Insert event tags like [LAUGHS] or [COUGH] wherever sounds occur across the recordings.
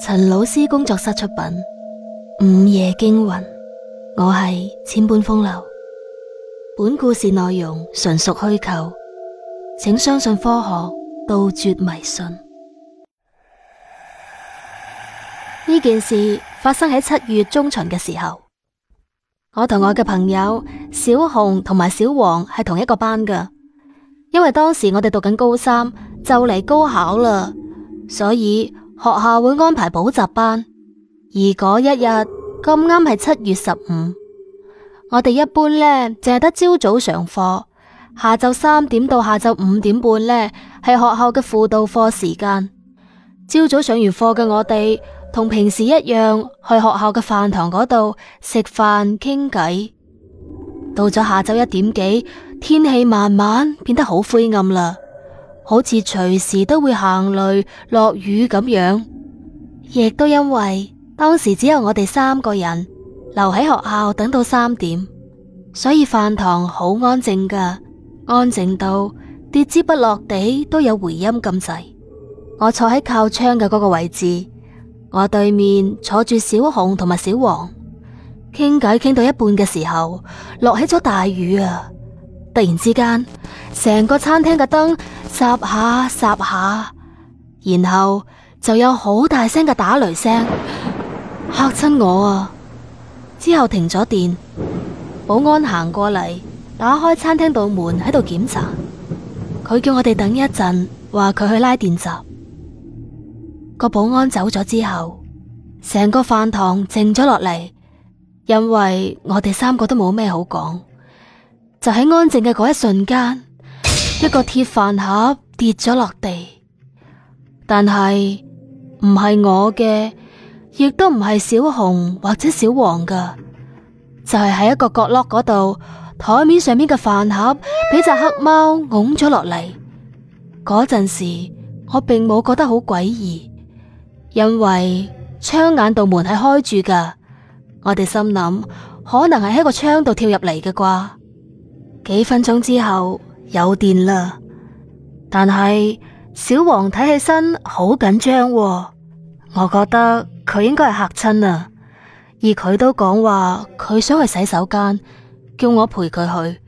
陳老師工作室出品《午夜驚魂》，我係千般風流。本故事內容純屬虛構，請相信科學，杜絕迷信。呢件事發生喺七月中旬嘅時候，我同我嘅朋友小紅同埋小黃係同一個班㗎，因為當時我哋讀緊高三，就嚟高考啦，所以。學校會安排補習班，而嗰一日咁啱係七月十五。我哋一般呢，淨係得朝早上課，下晝三點到下晝五點半呢，係學校嘅輔導課時間。朝早上完課嘅我哋，同平時一樣去學校嘅飯堂嗰度食飯傾偈。到咗下晝一點幾，天氣慢慢變得好灰暗啦。好似隨時都會行雷落雨咁樣，亦都因為當時只有我哋三個人留喺學校等到三點，所以飯堂好安靜噶，安靜到跌之不落地都有回音咁滯。我坐喺靠窗嘅嗰個位置，我對面坐住小紅同埋小黃，傾偈傾到一半嘅時候落起咗大雨啊！突然之間，成個餐廳嘅燈。霎下霎下，然後就有好大聲嘅打雷聲，嚇親我啊！之後停咗電，保安行過嚟，打開餐廳道門喺度檢查，佢叫我哋等一陣，話佢去拉電閘。個保安走咗之後，成個飯堂靜咗落嚟，因為我哋三個都冇咩好講，就喺安靜嘅嗰一瞬間。一個鐵飯盒跌咗落地，但係唔係我嘅，亦都唔係小紅或者小黃噶，就係、是、喺一個角落嗰度台面上面嘅飯盒俾隻黑貓拱咗落嚟。嗰陣時我並冇覺得好詭異，因為窗眼度門係開住噶，我哋心諗可能係喺個窗度跳入嚟嘅啩。幾分鐘之後。有電啦，但係小王睇起身好緊張，我覺得佢應該係吓親啊。而佢都講話佢想去洗手間，叫我陪佢去。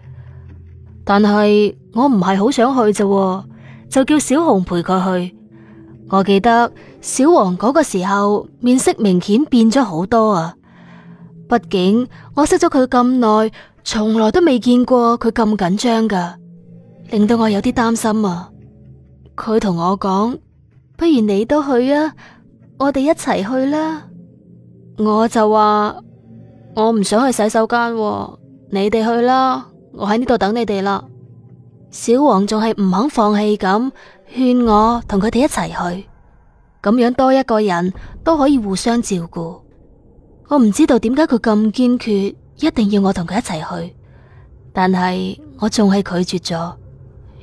但係我唔係好想去啫，就叫小紅陪佢去。我記得小王嗰個時候面色明顯變咗好多啊。畢竟我識咗佢咁耐，從來都未見過佢咁緊張㗎。令到我有啲擔心啊！佢同我講，不如你都去啊，我哋一齊去啦。我就話我唔想去洗手間啊，你哋去啦，我喺呢度等你哋啦。小王仲係唔肯放棄咁，勸我同佢哋一齊去，咁樣多一個人都可以互相照顧。我唔知道點解佢咁堅決，一定要我同佢一齊去，但係我仲係拒絕咗。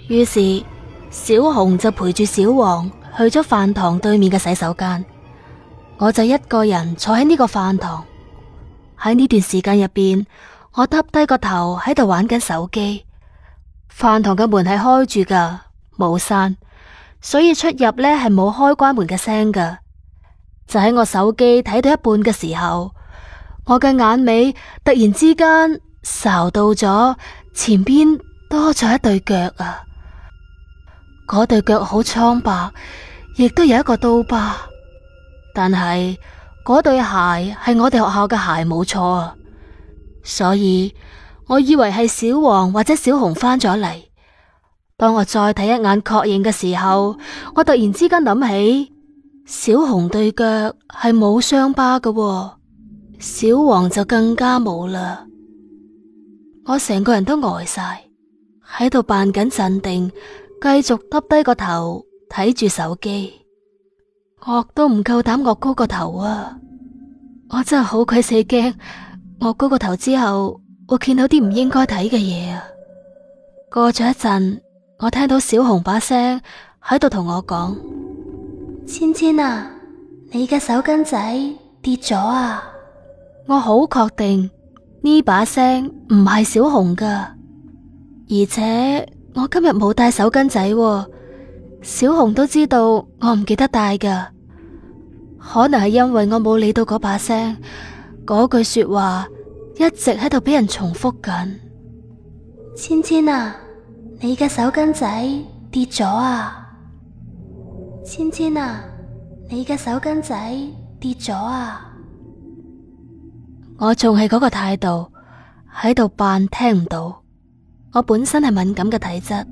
於是小紅就陪住小黃去咗飯堂對面嘅洗手間，我就一個人坐喺呢個飯堂。喺呢段時間入邊，我耷低個頭喺度玩緊手機。飯堂嘅門係開住噶，冇閂，所以出入呢係冇開關門嘅聲噶。就喺我手機睇到一半嘅時候，我嘅眼尾突然之間睄到咗前邊多咗一對腳啊！嗰對腳好蒼白，亦都有一個刀疤，但係嗰對鞋係我哋學校嘅鞋冇錯，所以我以為係小黃或者小紅返咗嚟。當我再睇一眼確認嘅時候，我突然之間諗起小紅對腳係冇傷疤嘅，小黃、哦、就更加冇啦。我成個人都呆晒，喺度扮緊鎮定。繼續耷低個頭睇住手機，我都唔夠膽惡高個頭啊！我真係好鬼死驚，我高個頭之後我見到啲唔應該睇嘅嘢啊！過咗一陣，我聽到小紅把聲喺度同我講：芊芊啊，你嘅手巾仔跌咗啊！我好確定呢把聲唔係小紅噶，而且。我今日冇帶手巾仔喎，小紅都知道我唔記得帶噶，可能係因為我冇理到嗰把聲，嗰句說話一直喺度俾人重複緊。千千啊，你嘅手巾仔跌咗啊！千千啊，你嘅手巾仔跌咗啊！我仲係嗰個態度喺度扮聽唔到。我本身係敏感嘅體質，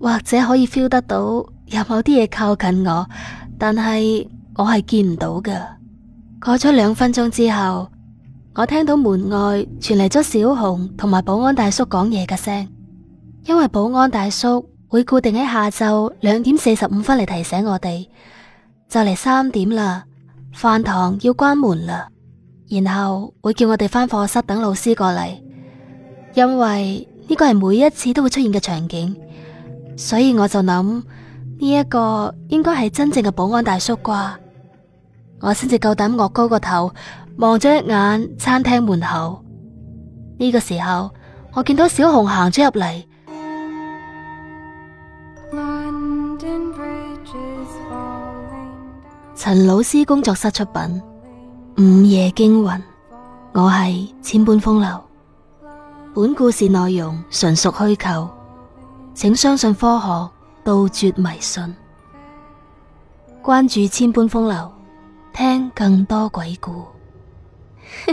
或者可以 feel 得到有某啲嘢靠近我，但係我係見唔到嘅。過咗兩分鐘之後，我聽到門外傳嚟咗小紅同埋保安大叔講嘢嘅聲，因為保安大叔會固定喺下晝兩點四十五分嚟提醒我哋，就嚟三點啦，飯堂要關門啦，然後會叫我哋返課室等老師過嚟，因為。呢個係每一次都會出現嘅場景，所以我就諗呢一個應該係真正嘅保安大叔啩，我先至夠膽昂高個頭望咗一眼餐廳門口。呢個時候，我見到小紅行咗入嚟。陳老師工作室出品《午夜驚魂》，我係千般風流。本故事內容純屬虛構，請相信科學，杜絕迷信。關注千般風流，聽更多鬼故。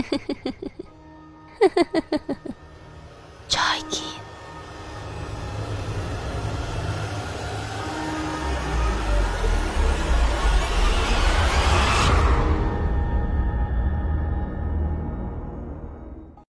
[LAUGHS] [LAUGHS] 再見。